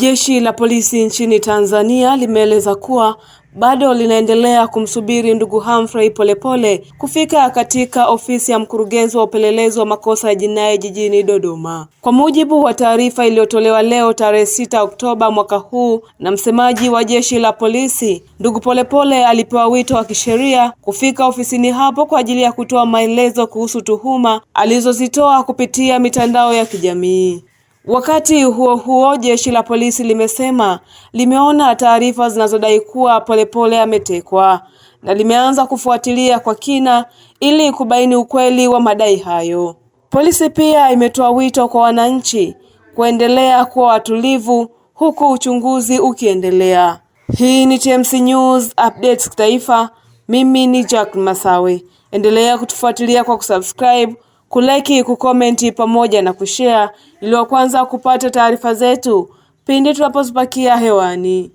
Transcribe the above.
Jeshi la polisi nchini Tanzania limeeleza kuwa bado linaendelea kumsubiri ndugu Humphrey Polepole kufika katika ofisi ya mkurugenzi wa upelelezi wa makosa ya jinai jijini Dodoma. Kwa mujibu wa taarifa iliyotolewa leo tarehe sita Oktoba mwaka huu na msemaji wa jeshi la polisi, ndugu Polepole alipewa wito wa kisheria kufika ofisini hapo kwa ajili ya kutoa maelezo kuhusu tuhuma alizozitoa kupitia mitandao ya kijamii. Wakati huo huo, jeshi la polisi limesema limeona taarifa zinazodai kuwa Polepole ametekwa na limeanza kufuatilia kwa kina ili kubaini ukweli wa madai hayo. Polisi pia imetoa wito kwa wananchi kuendelea kuwa watulivu huku uchunguzi ukiendelea. Hii ni TMC News Updates Kitaifa. Mimi ni Jack Masawe. Endelea kutufuatilia kwa kusubscribe, kuleki, kukomenti pamoja na kushare ili wa kwanza kupata taarifa zetu pindi tunapozipakia hewani.